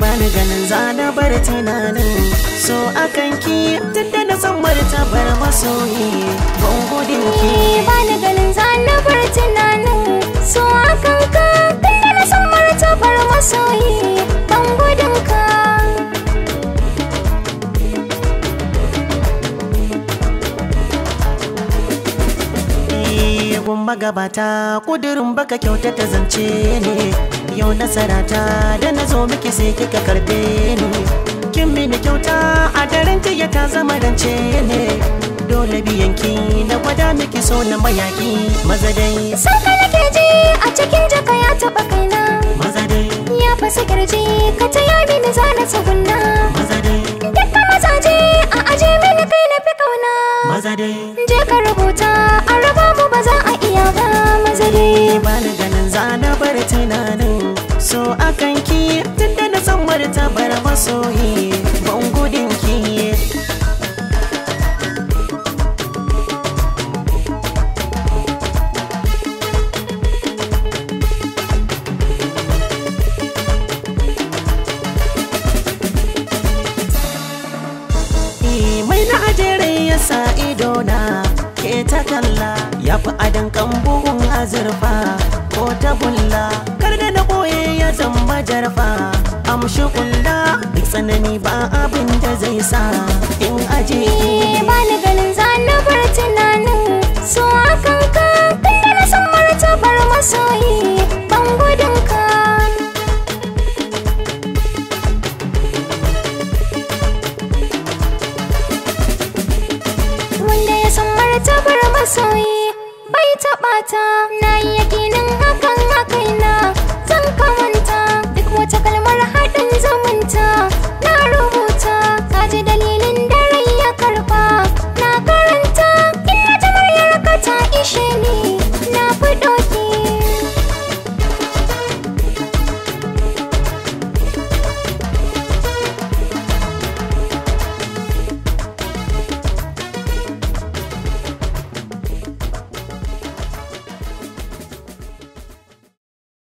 bani ganin zana bar tunanin so akan ki tunda na san bar ta bar masoyi ban gudun muke bani ganin zana bar tunanin so akan ka tunda na san bar ta bar masoyi ban gudun eh, muke gumbaga bata kudurin baka kyauta ta zance ne yau nasarata da na zo miki sai kika karbe ni kin mini kyauta a daren jiya ta zama rance ne dole ki na gwada miki so na mayaki maza dai sai nake ji a cikin jaka ya taba kaina maza dai ya fasa kirji ka ta ya mini zana tsugunna maza dai dukkan je a aje mini kai na fi kauna maza dai je ka rubuta a raba mu ba za a iya ba maza dai masoyi ban gudun ki e, mai na ajere ya sa ido na ke ta kalla ya fi adan kan bugun azurfa ko tagulla kar da na ɓoye ya zama jarfa amshi kulla duk tsanani ba abin da zai sa in aje ba ni eh, ganin zanubar tunanin a akan ka tunda na san martabar masoyi ban gudun ka wanda ya san martabar masoyi bai taɓa ta na yi yakinin